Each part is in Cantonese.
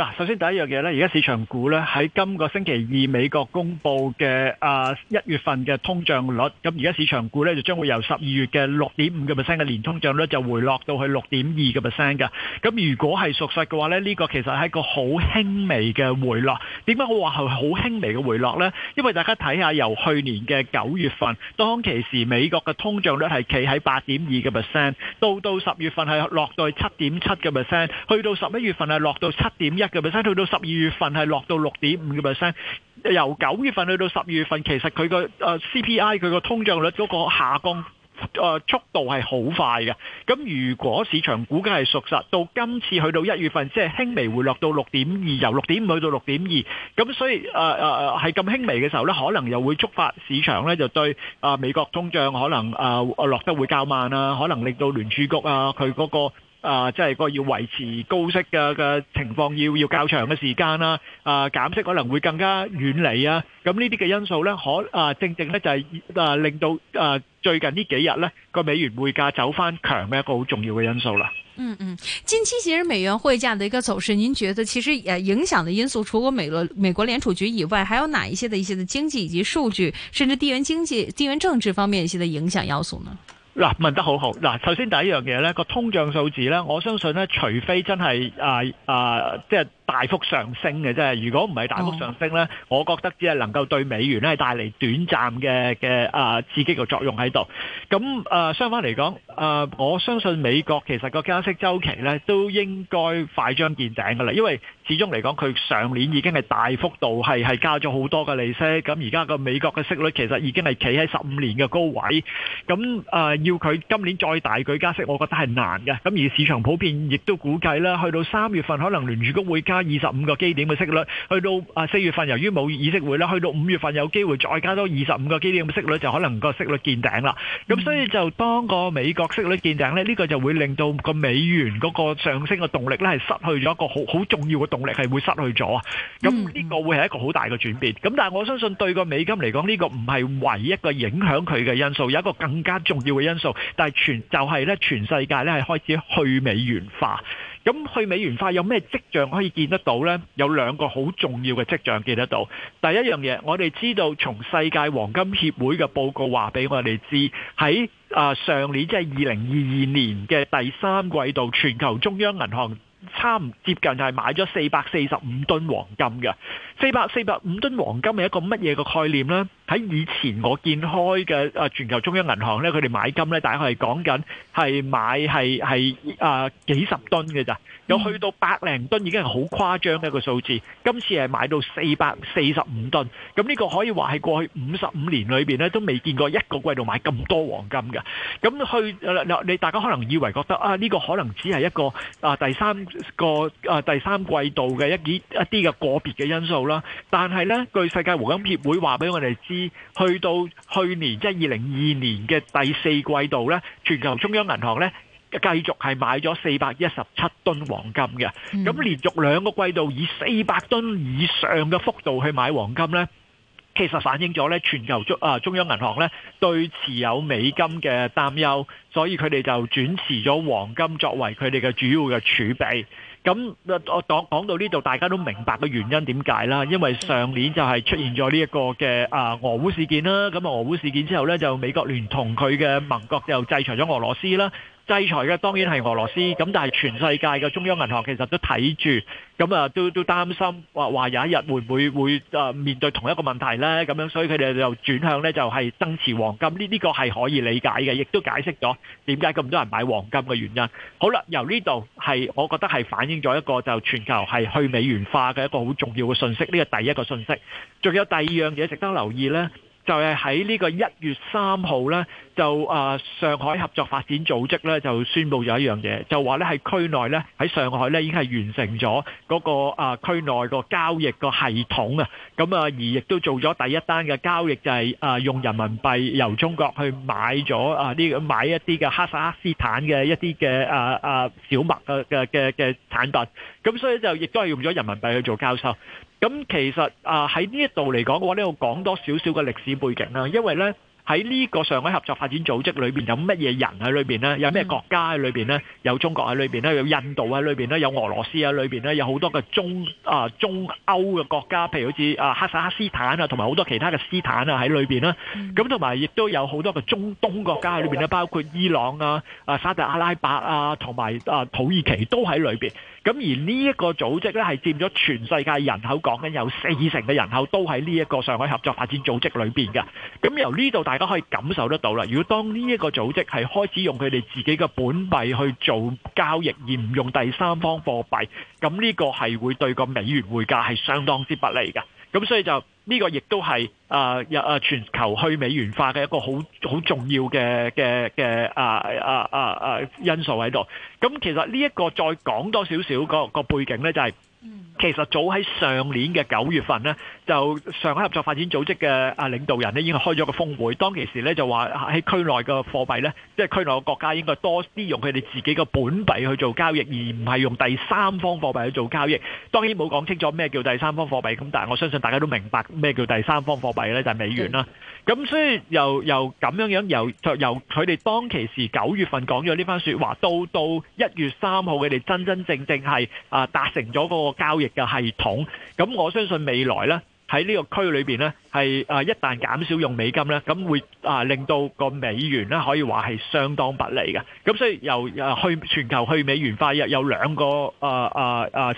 嗱，首先第一樣嘢呢，而家市場股呢，喺今個星期二美國公布嘅啊一月份嘅通脹率，咁而家市場股呢，就將會由十二月嘅六點五個 percent 嘅年通脹率就回落到去六點二個 percent 嘅。咁如果係屬實嘅話呢，呢、呢個其實係一個好輕微嘅回落。點解我話係好輕微嘅回落呢？因為大家睇下由去年嘅九月份當其時美國嘅通脹率係企喺八點二個 percent，到到十月份係落到去七點七個 percent，去到十一月份係落到七點一個 percent 去到十二月份係落到六點五嘅 percent，由九月份去到十二月份，其實佢個誒 CPI 佢個通脹率嗰個下降誒速度係好快嘅。咁如果市場估計係屬實，到今次去到一月份，即係輕微回落到六點二，由六點五去到六點二。咁所以誒誒係咁輕微嘅時候咧，可能又會觸發市場咧，就對啊美國通脹可能啊落得會較慢啊，可能令到聯儲局啊佢嗰個。啊、呃，即係個要維持高息嘅嘅情況，要要較長嘅時間啦。啊、呃，減息可能會更加遠離啊。咁呢啲嘅因素呢可啊、呃、正正呢就係、是、啊、呃、令到啊、呃、最近呢幾日呢個美元匯價走翻強嘅一個好重要嘅因素啦。嗯嗯，近期其實美元匯價的一個走勢，您覺得其實誒影響的因素，除咗美國美國聯儲局以外，還有哪一些的一些的經濟以及數據，甚至地緣經濟、地緣政治方面一些的影響要素呢？嗱，問得好好。嗱，首先第一樣嘢咧，個通脹數字咧，我相信咧，除非真係啊啊，即係大幅上升嘅，即係。如果唔係大幅上升咧，我覺得只係能夠對美元咧帶嚟短暫嘅嘅啊刺激個作用喺度。咁啊，相反嚟講，啊，我相信美國其實個加息週期咧，都應該快將見頂㗎啦，因為，始終嚟講，佢上年已經係大幅度係係加咗好多嘅利息。咁而家個美國嘅息率其實已經係企喺十五年嘅高位。咁誒，要佢今年再大舉加息，我覺得係難嘅。咁而市場普遍亦都估計啦，去到三月份可能聯儲局會加二十五個基點嘅息率，去到啊四月份由於冇議息會啦，去到五月份有機會再加多二十五個基點嘅息率，就可能個息率見頂啦。咁所以就當個美國息率見頂呢，呢個就會令到個美元嗰個上升嘅動力呢係失去咗一個好好重要嘅動。力係會失去咗啊！咁呢個會係一個好大嘅轉變。咁但係我相信對個美金嚟講，呢個唔係唯一嘅影響佢嘅因素，有一個更加重要嘅因素。但係全就係咧，全世界咧係開始去美元化。咁去美元化有咩跡象可以見得到咧？有兩個好重要嘅跡象見得到。第一樣嘢，我哋知道從世界黃金協會嘅報告話俾我哋知，喺啊上年即係二零二二年嘅第三季度，全球中央銀行，差唔接近就係買咗四百四十五噸黃金嘅，四百四百五噸黃金係一個乜嘢嘅概念咧？喺以前我見開嘅啊，全球中央銀行咧，佢哋買金咧，大概係講緊係買係係啊幾十噸嘅咋，有去到百零噸已經係好誇張一個數字。今次係買到四百四十五噸，咁呢個可以話係過去五十五年裏邊咧都未見過一個季度買咁多黃金㗎。咁去你大家可能以為覺得啊，呢個可能只係一個啊第三個啊第三季度嘅一啲一啲嘅個別嘅因素啦。但係咧，據世界黃金協會話俾我哋知。去到去年，即係二零二二年嘅第四季度咧，全球中央銀行咧繼續係買咗四百一十七噸黃金嘅，咁連續兩個季度以四百噸以上嘅幅度去買黃金咧。其實反映咗咧全球中啊中央銀行咧對持有美金嘅擔憂，所以佢哋就轉持咗黃金作為佢哋嘅主要嘅儲備。咁我講講到呢度，大家都明白嘅原因點解啦？因為上年就係出現咗呢一個嘅啊俄烏事件啦。咁啊俄烏事件之後咧，就美國聯同佢嘅盟國又制裁咗俄羅斯啦。制裁嘅當然係俄羅斯，咁但係全世界嘅中央銀行其實都睇住，咁啊都都擔心話話有一日會唔會會啊面對同一個問題呢？咁樣，所以佢哋就轉向咧就係增持黃金，呢、呢、呢個係可以理解嘅，亦都解釋咗點解咁多人買黃金嘅原因。好啦，由呢度係我覺得係反映咗一個就全球係去美元化嘅一個好重要嘅信息，呢、呢個第一個信息。仲有第二樣嘢值得留意呢？就係喺呢個一月三號呢，就啊上海合作發展組織呢就宣布咗一樣嘢，就話呢喺區內呢喺上海呢已經係完成咗嗰個啊區內個交易個系統啊，咁啊而亦都做咗第一單嘅交易，就係啊用人民幣由中國去買咗啊呢個買一啲嘅哈薩克斯坦嘅一啲嘅啊啊小麥嘅嘅嘅嘅產品，咁所以就亦都係用咗人民幣去做交收。咁其實啊，喺呢一度嚟講嘅話，呢度講多少少嘅歷史背景啦，因為咧。喺呢個上海合作發展組織裏邊有乜嘢人喺裏邊呢？有咩國家喺裏邊呢？有中國喺裏邊呢？有印度喺裏邊呢？有俄羅斯喺裏邊呢？有好多嘅中啊中歐嘅國家，譬如好似啊哈薩克斯坦啊，同埋好多其他嘅斯坦啊喺裏邊啦。咁同埋亦都有好多嘅中東國家喺裏邊呢，包括伊朗啊、啊沙特阿拉伯啊，同埋啊土耳其都喺裏邊。咁而呢一個組織呢，係佔咗全世界人口講緊有四成嘅人口都喺呢一個上海合作發展組織裏邊嘅。咁由呢度。大家可以感受得到啦。如果當呢一個組織係開始用佢哋自己嘅本幣去做交易，而唔用第三方貨幣，咁呢個係會對個美元匯價係相當之不利嘅。咁所以就呢個亦都係啊啊全球去美元化嘅一個好好重要嘅嘅嘅啊啊啊啊因素喺度。咁其實呢一個再講多少少個個背景咧，就係其實早喺上年嘅九月份咧。就上海合作發展組織嘅啊領導人咧，已經開咗個峰會。當其時咧就話喺區內嘅貨幣咧，即係區內嘅國家應該多啲用佢哋自己嘅本幣去做交易，而唔係用第三方貨幣去做交易。當然冇講清楚咩叫第三方貨幣，咁但係我相信大家都明白咩叫第三方貨幣咧，就係美元啦。咁所以由由咁樣樣，由由佢哋當其時九月份講咗呢番説話，到到一月三號佢哋真真正正係啊達成咗嗰個交易嘅系統。咁我相信未來呢。喺呢個區裏邊咧。係啊！一旦減少用美金呢，咁會啊令到個美元呢可以話係相當不利嘅。咁所以由去全球去美元化，有有兩個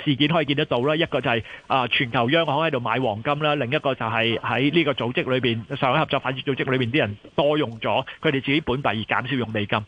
事件可以見得到啦。一個就係啊全球央行喺度買黃金啦，另一個就係喺呢個組織裏邊，上海合作發展組織裏面啲人多用咗佢哋自己本幣而減少用美金。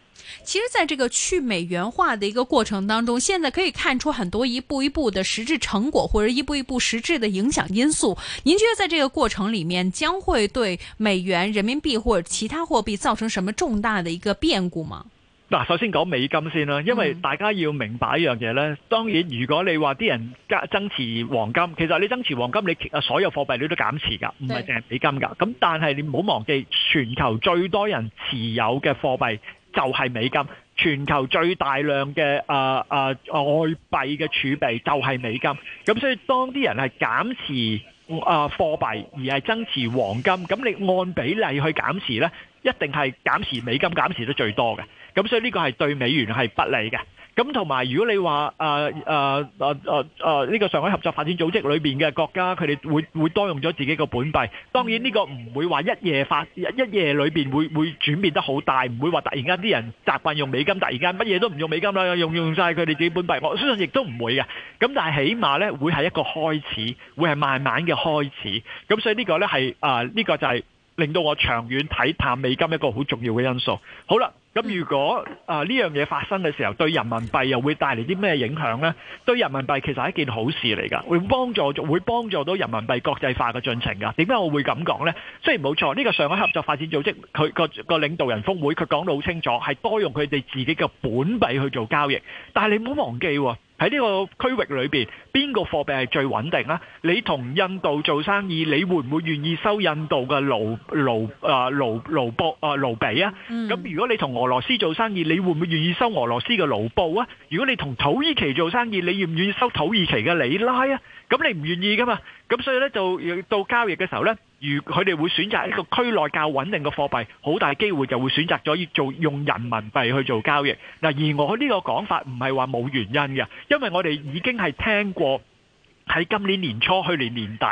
其實，在這個去美元化的一個過程當中，現在可以看出很多一步一步的實質成果，或者一步一步實質的影響因素。您覺得在這個過程裏面？將會對美元、人民幣或者其他貨幣造成什麼重大的一個變故嗎？嗱，首先講美金先啦，因為大家要明白一樣嘢咧。嗯、當然，如果你話啲人增持黃金，其實你增持黃金，你所有貨幣你都減持噶，唔係淨係美金噶。咁對但係你唔好忘記，全球最多人持有嘅貨幣就係美金，全球最大量嘅呃呃、外幣嘅儲備就係美金。咁所以當啲人係減持。啊，貨幣而係增持黃金，咁你按比例去減持咧，一定係減持美金減持得最多嘅，咁所以呢個係對美元係不利嘅。咁同埋，如果你話誒誒誒誒誒呢個上海合作發展組織裏面嘅國家，佢哋會會多用咗自己個本幣。當然呢個唔會話一夜發一夜裏邊會會轉變得好大，唔會話突然間啲人習慣用美金，突然間乜嘢都唔用美金啦，用用晒佢哋自己本幣。我相信亦都唔會嘅。咁但係起碼呢會係一個開始，會係慢慢嘅開始。咁所以呢個呢係誒呢個就係令到我長遠睇淡美金一個好重要嘅因素。好啦。咁如果啊呢樣嘢發生嘅時候，對人民幣又會帶嚟啲咩影響呢？對人民幣其實係一件好事嚟㗎，會幫助，會幫助到人民幣國際化嘅進程㗎。點解我會咁講呢？雖然冇錯，呢個上海合作發展組織，佢個個領導人峰會，佢講得好清楚，係多用佢哋自己嘅本幣去做交易，但係你唔好忘記喎。喺呢個區域裏邊，邊個貨幣係最穩定啊？你同印度做生意，你會唔會願意收印度嘅盧盧啊盧盧布啊盧比啊？咁、嗯、如果你同俄羅斯做生意，你會唔會願意收俄羅斯嘅盧布啊？如果你同土耳其做生意，你願唔願意收土耳其嘅里拉啊？咁你唔願意噶嘛？咁所以咧，就到交易嘅時候咧，如佢哋會選擇一個區內較穩定嘅貨幣，好大機會就會選擇咗要做用人民幣去做交易。嗱，而我呢個講法唔係話冇原因嘅，因為我哋已經係聽過。喺今年年初、去年年底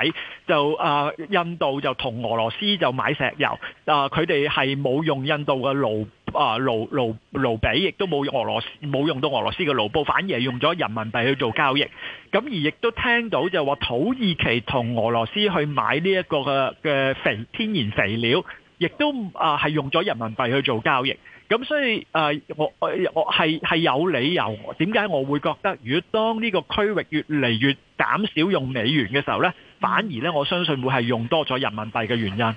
就啊，印度就同俄羅斯就買石油啊，佢哋係冇用印度嘅盧啊盧盧盧，盧，盧比，亦都冇用俄羅斯冇用到俄羅斯嘅盧布，反而係用咗人民幣去做交易。咁而亦都聽到就話土耳其同俄羅斯去買呢一個嘅嘅肥天然肥料，亦都啊係用咗人民幣去做交易。咁所以，誒，我我我係係有理由，點解我會覺得，如果當呢個區域越嚟越減少用美元嘅時候呢，反而呢，我相信會係用多咗人民幣嘅原因。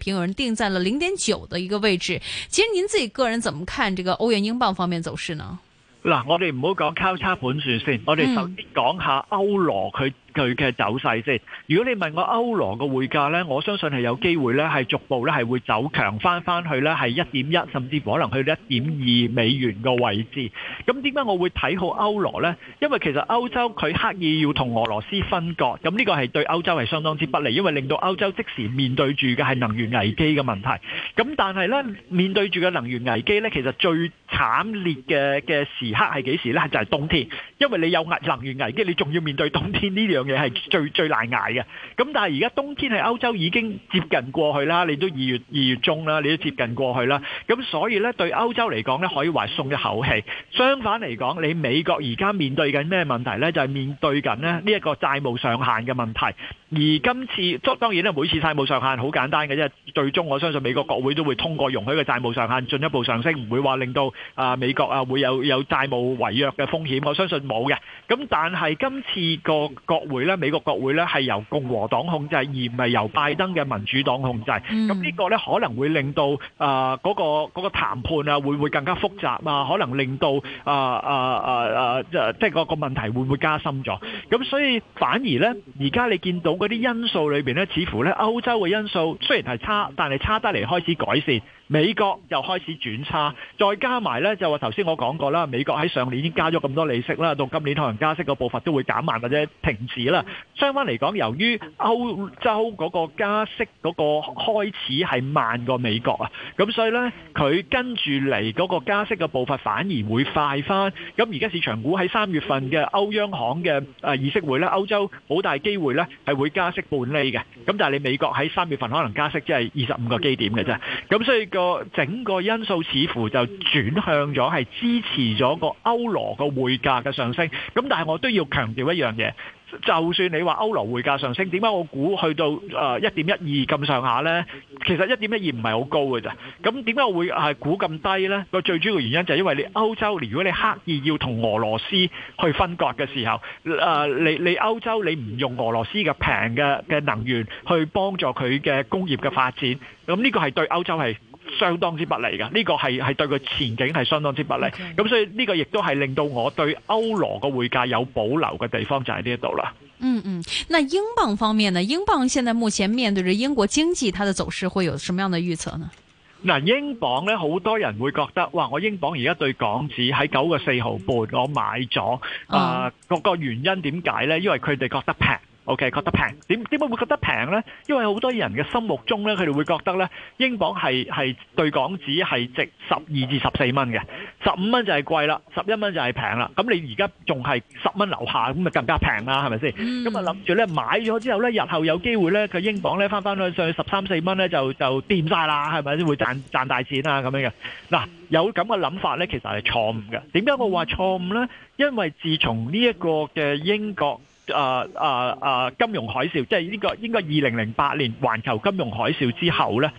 平，有人定在了零點九的一個位置。其實您自己個人怎麼看這個歐元英鎊方面走勢呢？嗱，我哋唔好講交叉盤算先，我哋首先講下歐羅佢。嗯佢嘅走勢先。如果你問我歐羅個匯價咧，我相信係有機會咧，係逐步咧係會走強翻翻去咧，係一點一甚至可能去到一點二美元個位置。咁點解我會睇好歐羅咧？因為其實歐洲佢刻意要同俄羅斯分割，咁呢個係對歐洲係相當之不利，因為令到歐洲即時面對住嘅係能源危機嘅問題。咁但係咧，面對住嘅能源危機咧，其實最慘烈嘅嘅時刻係幾時咧？係就係冬天，因為你有危能源危機，你仲要面對冬天呢樣嘢係最最難捱嘅。咁但係而家冬天喺歐洲已經接近過去啦，你都二月二月中啦，你都接近過去啦，咁所以呢對歐洲嚟講呢可以話鬆一口氣。相反嚟講，你美國而家面對緊咩問題呢？就係面對緊呢呢一個債務上限嘅問題。而今次，當然咧，每次債務上限好簡單嘅啫。最終我相信美國國會都會通過容許嘅債務上限進一步上升，唔會話令到啊美國啊會有有債務違約嘅風險。我相信冇嘅。咁但係今次個國會咧，美國國會咧係由共和黨控制，而唔係由拜登嘅民主黨控制。咁呢個咧可能會令到啊嗰個嗰個談判啊，會唔會更加複雜啊？可能令到啊啊啊啊，即係嗰個問題會唔會加深咗？咁所以反而呢，而家你見到嗰啲因素裏邊呢，似乎呢歐洲嘅因素雖然係差，但係差得嚟開始改善。美國又開始轉差，再加埋呢就話頭先我講過啦，美國喺上年已經加咗咁多利息啦，到今年可能加息嘅步伐都會減慢或者停止啦。相反嚟講，由於歐洲嗰個加息嗰個開始係慢過美國啊，咁所以呢，佢跟住嚟嗰個加息嘅步伐反而會快翻。咁而家市場股喺三月份嘅歐央行嘅誒議息會咧，歐洲好大機會咧係會加息半釐嘅，咁但係你美國喺三月份可能加息即係二十五個基點嘅啫，咁所以個整個因素似乎就轉向咗係支持咗個歐羅個匯價嘅上升，咁但係我都要強調一樣嘢。就算你話歐羅匯價上升，點解我估去到誒一點一二咁上下呢？其實一點一二唔係好高嘅咋。咁點解我會估咁低呢？個最主要原因就係因為你歐洲，如果你刻意要同俄羅斯去分割嘅時候，你你歐洲你唔用俄羅斯嘅平嘅嘅能源去幫助佢嘅工業嘅發展，咁呢個係對歐洲係相當之不利嘅，呢、這個係係對佢前景係相當之不利嘅。咁 Okay. 所以呢個亦都係令到我對歐羅個匯價有保留嘅地方就喺呢一度啦。嗯嗯，那英鎊方面呢？英鎊現在目前面對着英國經濟，它的走勢會有什麼樣的預測呢？嗱，英鎊咧，好多人會覺得，哇！我英鎊而家對港紙喺九個四毫半，我買咗。啊、呃嗯，個原因點解呢？因為佢哋覺得平。OK，覺得平點點解會覺得平呢？因為好多人嘅心目中呢，佢哋會覺得呢，英鎊係係對港紙係值十二至十四蚊嘅，十五蚊就係貴啦，十一蚊就係平啦。咁你而家仲係十蚊樓下，咁咪更加平啦，係咪先？咁啊諗住呢，買咗之後呢，日後有機會呢，佢英鎊呢翻翻去上去十三四蚊呢，就就掂晒啦，係咪先會賺賺大錢啊？咁樣嘅嗱、啊，有咁嘅諗法呢，其實係錯誤嘅。點解我話錯誤呢？因為自從呢一個嘅英國。啊啊啊！金融海嘯，即係呢個應該二零零八年環球金融海嘯之後呢，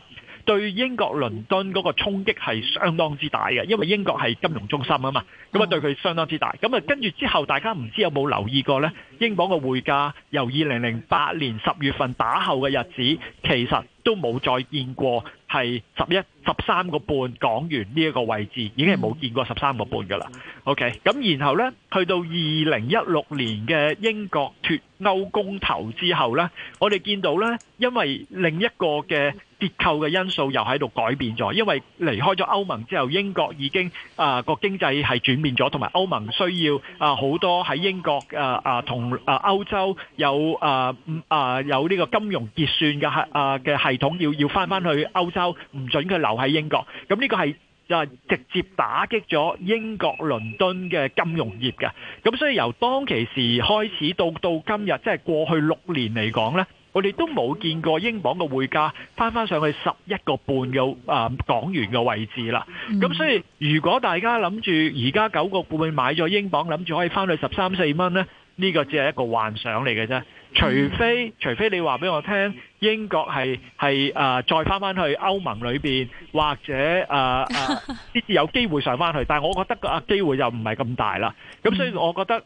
對英國倫敦嗰個衝擊係相當之大嘅，因為英國係金融中心啊嘛，咁啊對佢相當之大。咁啊跟住之後，大家唔知有冇留意過呢？英鎊嘅匯價由二零零八年十月份打後嘅日子，其實都冇再見過係十一。十三個半港元呢一個位置已經係冇見過十三個半㗎啦。OK，咁然後咧，去到二零一六年嘅英國脫歐公投之後咧，我哋見到咧，因為另一個嘅結構嘅因素又喺度改變咗，因為離開咗歐盟之後，英國已經啊個經濟係轉變咗，同埋歐盟需要啊好多喺英國啊啊同啊歐洲有啊啊有呢個金融結算嘅係啊嘅系統要要翻翻去歐洲，唔準佢留。留喺英國，咁呢個係就係直接打擊咗英國倫敦嘅金融業嘅。咁所以由當其時開始到到今日，即係過去六年嚟講呢，我哋都冇見過英鎊嘅匯價翻翻上去十一個半嘅啊港元嘅位置啦。咁所以如果大家諗住而家九個半買咗英鎊，諗住可以翻到去十三四蚊呢，呢個只係一個幻想嚟嘅啫。除非除非你話俾我聽，英國係係誒再翻翻去歐盟裏邊，或者誒先至、呃呃、 有機會上翻去，但係我覺得個機機會又唔係咁大啦。咁所以我覺得。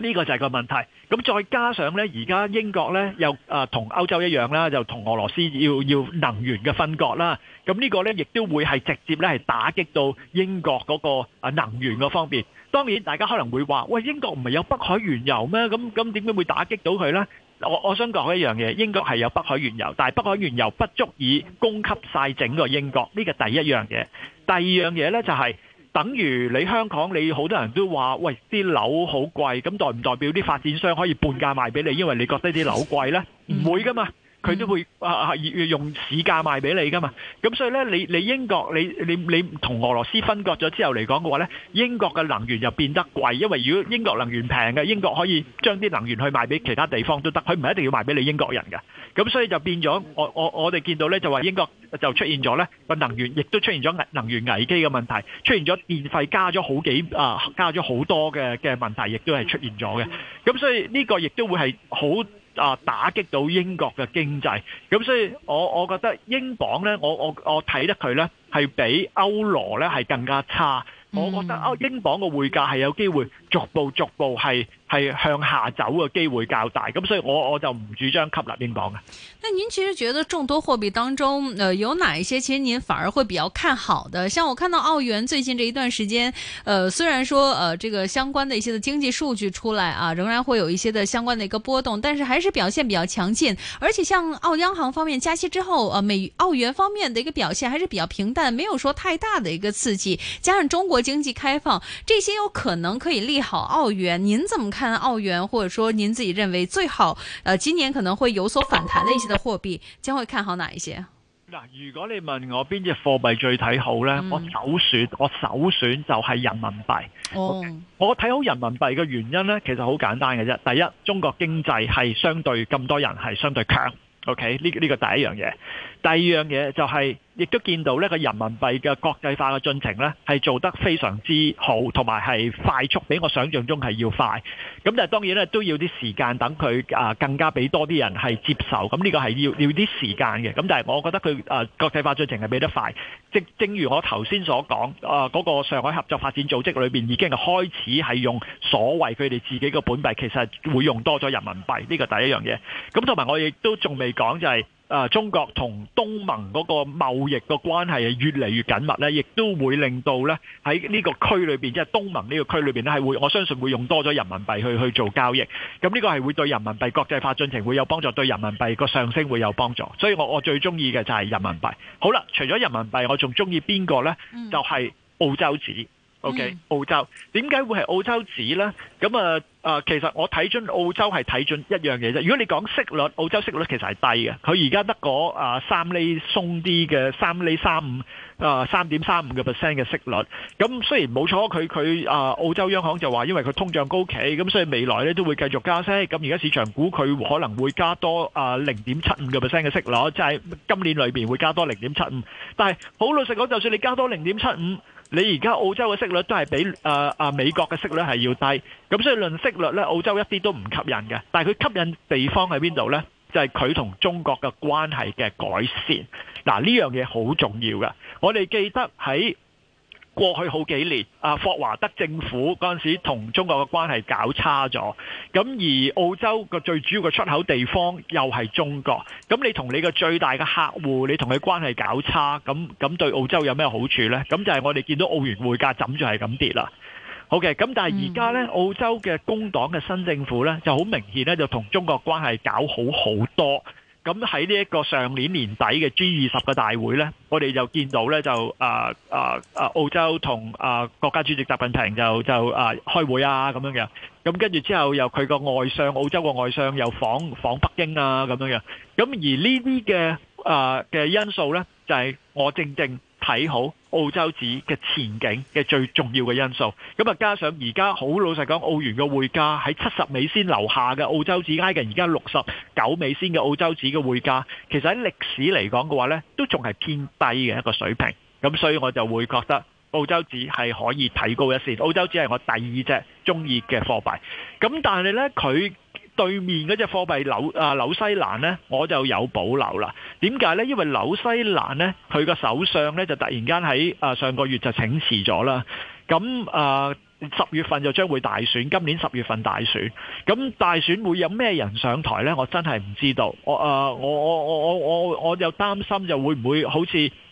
呢個就係個問題，咁再加上呢，而家英國呢又啊同歐洲一樣啦，就同俄羅斯要要能源嘅分割啦。咁呢個呢亦都會係直接呢係打擊到英國嗰個啊能源嘅方面。當然大家可能會話：喂，英國唔係有北海原油咩？咁咁點解會打擊到佢呢？我我想講一樣嘢，英國係有北海原油，但係北海原油不足以供給晒整個英國。呢個第一樣嘢，第二樣嘢呢就係。等於你香港，你好多人都話，喂，啲樓好貴，咁代唔代表啲發展商可以半價賣俾你，因為你覺得啲樓貴呢？唔會㗎嘛。佢都會啊，用市價賣俾你噶嘛？咁所以咧，你你英國你你你同俄羅斯分割咗之後嚟講嘅話咧，英國嘅能源就變得貴，因為如果英國能源平嘅，英國可以將啲能源去賣俾其他地方都得，佢唔一定要賣俾你英國人嘅。咁所以就變咗，我我我哋見到咧就話英國就出現咗咧個能源，亦都出現咗危能源危機嘅問題，出現咗電費加咗好幾啊，加咗好多嘅嘅問題，亦都係出現咗嘅。咁所以呢個亦都會係好。啊！打擊到英國嘅經濟，咁所以我我覺得英鎊咧，我我我睇得佢咧係比歐羅咧係更加差。我覺得歐，英鎊嘅匯價係有機會逐步逐步係。係向下走嘅機會較大，咁所以我我就唔主張吸納英鎊嘅。那您其實覺得眾多貨幣當中，呃，有哪一些其實您反而會比較看好的？像我看到澳元最近這一段時間，呃，雖然說，呃，這個相關的一些的經濟數據出來啊，仍然會有一些的相關的一個波動，但是還是表現比較強勁。而且，像澳央行方面加息之後，呃，美澳，澳元方面的一個表現還是比較平淡，沒有說太大的一個刺激。加上中國經濟開放，這些有可能可以利好澳元。您怎麼看？看澳元，或者說您自己認為最好，呃，今年可能會有所反彈的一些的貨幣，將會看好哪一些？嗱，如果你問我邊隻貨幣最睇好呢？嗯，我，我首選我首選就係人民幣。哦，okay? 我睇好人民幣嘅原因呢，其實好簡單嘅啫。第一，中國經濟係相對咁多人係相對強。OK，呢個、呢個第一樣嘢。第二樣嘢就係、是，亦都見到呢個人民幣嘅國際化嘅進程呢係做得非常之好，同埋係快速，比我想像中係要快。咁但係當然咧都要啲時間等佢啊，更加俾多啲人係接受。咁呢個係要要啲時間嘅。咁但係我覺得佢、啊、國際化進程係俾得快。即正，正如我頭先所講，啊嗰、那個上海合作發展組織裏面已經係開始係用所謂佢哋自己嘅本幣，其實係會用多咗人民幣。呢、這個第一樣嘢。咁同埋我亦都仲未講就係、是。啊！中國同東盟嗰個貿易個關係越嚟越緊密咧，亦都會令到咧喺呢個區裏邊，即係東盟呢個區裏邊，咧，係會我相信會用多咗人民幣去去做交易。咁呢個係會對人民幣國際化進程會有幫助，對人民幣個上升會有幫助。所以我我最中意嘅就係人民幣。好啦，除咗人民幣，我仲中意邊個呢？就係澳洲紙。OK，澳洲點解會係澳洲紙呢？咁啊啊，其實我睇準澳洲係睇準一樣嘢啫。如果你講息率，澳洲息率其實係低嘅，佢而家得嗰啊三厘鬆啲嘅三厘三五啊三點三五嘅 percent 嘅息率。咁雖然冇錯，佢佢啊澳洲央行就話，因為佢通脹高企，咁所以未來咧都會繼續加息。咁而家市場估佢可能會加多啊零點七五嘅 percent 嘅息率，即係今年裏邊會加多零點七五。但係好老實講，就算你加多零點七五。你而家澳洲嘅息率都係比啊啊美國嘅息率係要低，咁所以論息率呢，澳洲一啲都唔吸引嘅。但係佢吸引地方喺邊度呢？就係佢同中國嘅關係嘅改善。嗱、啊，呢樣嘢好重要嘅。我哋記得喺過去好幾年，阿霍華德政府嗰陣時同中國嘅關係搞差咗，咁而澳洲個最主要嘅出口地方又係中國，咁你同你嘅最大嘅客戶，你同佢關係搞差，咁咁對澳洲有咩好處呢？咁就係我哋見到澳元匯價枕住係咁跌啦。好嘅，咁但係而家呢，澳洲嘅工黨嘅新政府呢就好明顯咧，就同中國關係搞好好多。咁喺呢一個上年年底嘅 G 二十嘅大會呢，我哋就見到呢，就啊啊啊澳洲同啊國家主席習近平就就啊開會啊咁樣嘅，咁跟住之後又佢個外相澳洲個外相又訪訪北京啊咁樣嘅，咁而呢啲嘅啊嘅因素呢，就係、是、我正正。睇好澳洲紙嘅前景嘅最重要嘅因素，咁啊加上而家好老實講，澳元嘅匯價喺七十美仙樓下嘅澳洲紙挨近而家六十九美仙嘅澳洲紙嘅匯價，其實喺歷史嚟講嘅話咧，都仲係偏低嘅一個水平，咁所以我就會覺得澳洲紙係可以睇高一線，澳洲紙係我第二隻中意嘅貨幣，咁但係咧佢。對面嗰隻貨幣紐啊紐西蘭呢，我就有保留啦。點解呢？因為紐西蘭呢，佢個首相呢，就突然間喺啊上個月就請辭咗啦。咁啊十月份就將會大選，今年十月份大選。咁大選會有咩人上台呢？我真係唔知道。我啊，我我我我我我又擔心，又會唔會好似？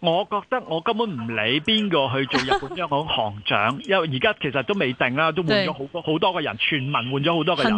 我覺得我根本唔理邊個去做日本央行行長，因為而家其實都未定啦，都換咗好多好多個人，全民換咗好多個人，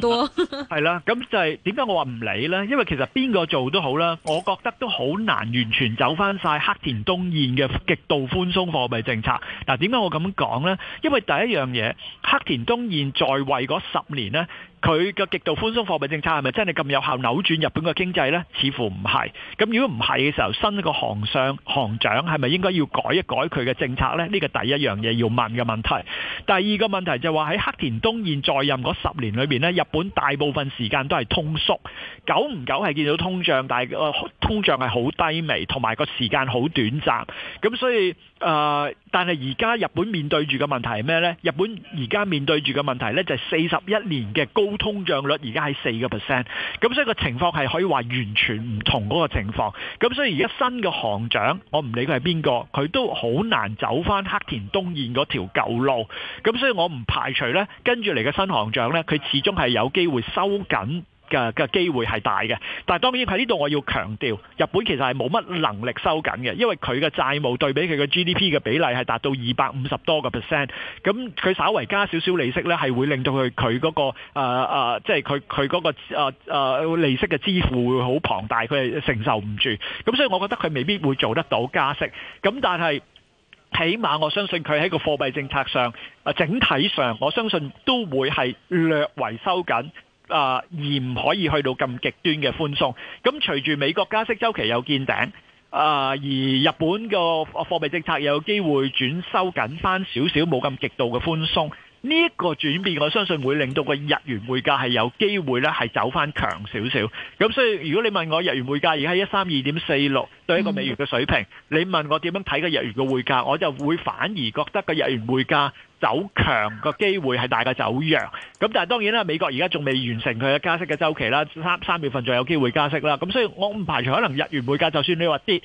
係啦。咁就係點解我話唔理呢？因為其實邊個做都好啦，我覺得都好難完全走翻曬黑田東彥嘅極度寬鬆貨幣政策。嗱，點解我咁講呢？因為第一樣嘢，黑田東彥在位嗰十年呢。佢個極度寬鬆貨幣政策係咪真係咁有效扭轉日本嘅經濟呢？似乎唔係。咁如果唔係嘅時候，新一個行上行長係咪應該要改一改佢嘅政策呢？呢個第一樣嘢要問嘅問題。第二個問題就係話喺黑田東彥在任嗰十年裏面呢，日本大部分時間都係通縮，久唔久係見到通脹，但係通脹係好低微，同埋個時間好短暫。咁所以。誒、呃，但係而家日本面對住嘅問題係咩呢？日本而家面對住嘅問題呢，就係四十一年嘅高通脹率現在是4，而家係四個 percent，咁所以個情況係可以話完全唔同嗰個情況。咁所以而家新嘅行長，我唔理佢係邊個，佢都好難走翻黑田東彥嗰條舊路。咁所以我唔排除呢，跟住嚟嘅新行長呢，佢始終係有機會收緊。嘅嘅機會係大嘅，但係當然喺呢度我要強調，日本其實係冇乜能力收緊嘅，因為佢嘅債務對比佢嘅 GDP 嘅比例係達到二百五十多個 percent，咁佢稍微加少少利息呢，係會令到佢佢嗰個誒、呃、即係佢佢嗰個誒、呃、利息嘅支付會好龐大，佢係承受唔住，咁所以我覺得佢未必會做得到加息，咁但係起碼我相信佢喺個貨幣政策上啊，整體上我相信都會係略為收緊。啊！而唔可以去到咁極端嘅寬鬆。咁隨住美國加息周期又見頂，啊！而日本個貨幣政策又有機會轉收緊翻少少，冇咁極度嘅寬鬆。呢一個轉變，我相信會令到個日元匯價係有機會咧，係走返強少少。咁所以，如果你問我日元匯價而家係一三二點四六對一個美元嘅水平，你問我點樣睇個日元嘅匯價，我就會反而覺得個日元匯價走強個機會係大過走弱。咁但係當然啦，美國而家仲未完成佢嘅加息嘅週期啦，三三月份仲有機會加息啦。咁所以，我唔排除可能日元匯價就算你話跌。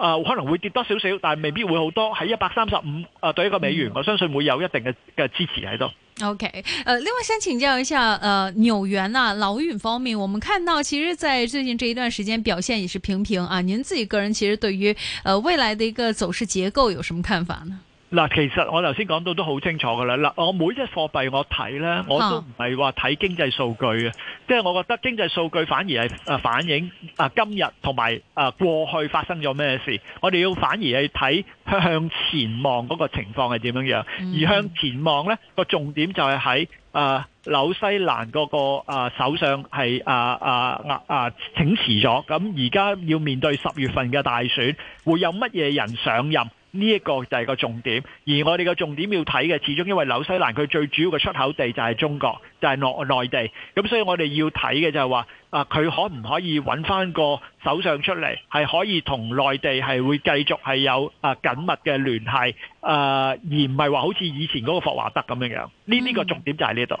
誒、呃、可能會跌多少少，但未必會好多，喺一百三十五對一個美元，我相信會有一定嘅嘅支持喺度。OK，呃另外想請教一下，呃紐元啊，澳元方面，我們看到其實在最近這一段時間表現也是平平啊。您自己個人其實對於呃未來的一個走勢結構有什麼看法呢？嗱，其實我頭先講到都好清楚㗎啦。嗱，我每隻貨幣我睇咧，我都唔係話睇經濟數據嘅，啊、即係我覺得經濟數據反而係反映啊今日同埋啊過去發生咗咩事。我哋要反而係睇向前望嗰個情況係點樣樣，而向前望咧個重點就係喺啊紐西蘭嗰個首相係啊啊啊啊請辭咗，咁而家要面對十月份嘅大選，會有乜嘢人上任？呢一個就係個重點，而我哋個重點要睇嘅，始終因為紐西蘭佢最主要嘅出口地就係中國，就係、是、內內地，咁所以我哋要睇嘅就係話，啊佢可唔可以揾翻個首相出嚟，係可以同內地係會繼續係有啊緊密嘅聯繫，啊、呃、而唔係話好似以前嗰個霍華德咁樣樣，呢呢個重點就係呢度。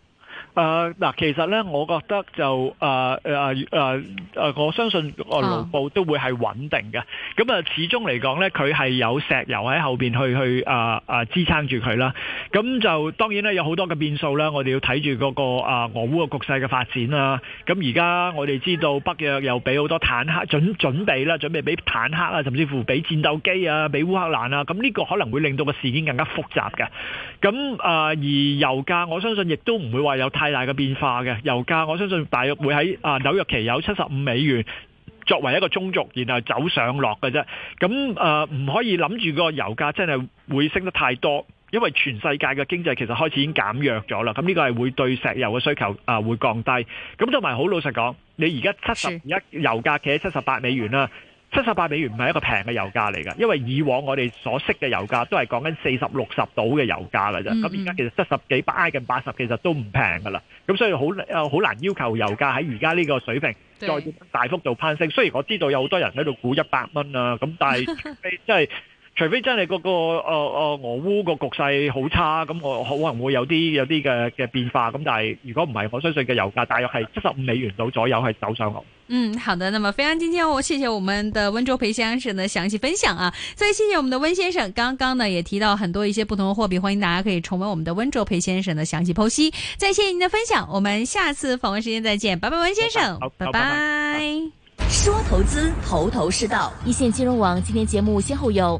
誒，嗱、呃，其實咧，我覺得就誒誒誒誒，我相信誒盧布都會係穩定嘅。咁啊，始終嚟講咧，佢係有石油喺後邊去去誒誒支撐住佢啦。咁就當然咧，有好多嘅變數啦。我哋要睇住嗰個誒、呃、俄烏嘅局勢嘅發展啦。咁而家我哋知道北約又俾好多坦克準準備啦，準備俾坦克啊，甚至乎俾戰鬥機啊，俾烏克蘭啦。咁呢個可能會令到個事件更加複雜嘅。咁誒、呃，而油價我相信亦都唔會話有，太大嘅變化嘅油價，我相信大約會喺啊紐約期油七十五美元作為一個中軸，然後走上落嘅啫。咁誒唔可以諗住個油價真係會升得太多，因為全世界嘅經濟其實開始已經減弱咗啦。咁呢個係會對石油嘅需求啊會降低。咁同埋好老實講，你而家七十一油價企喺七十八美元啦。七十八美元唔係一個平嘅油價嚟㗎，因為以往我哋所識嘅油價都係講緊四十六十到嘅油價㗎啫，咁而家其實七十幾百挨近八十其實都唔平㗎啦，咁所以好啊好難要求油價喺而家呢個水平再大幅度攀升。對雖然我知道有好多人喺度估一百蚊啊，咁但係除非真係。 除非真係嗰、那個誒誒、呃呃、俄烏個局勢好差，咁、嗯、我可能會有啲有啲嘅嘅變化。咁、嗯、但係如果唔係，我相信嘅油價大約係七十五美元到左右係走上行。嗯，好的。那麼非常今天我謝謝我們的溫灼培先生的詳細分享啊，再謝謝我們的温先生。剛剛呢也提到很多一些不同的貨幣，歡迎大家可以重温我們的溫灼培先生的詳細剖析。再謝謝您的分享，我們下次訪問時間再見。拜拜，温先生，好，拜拜。說投資頭頭是道，一線金融網今天節目先後有。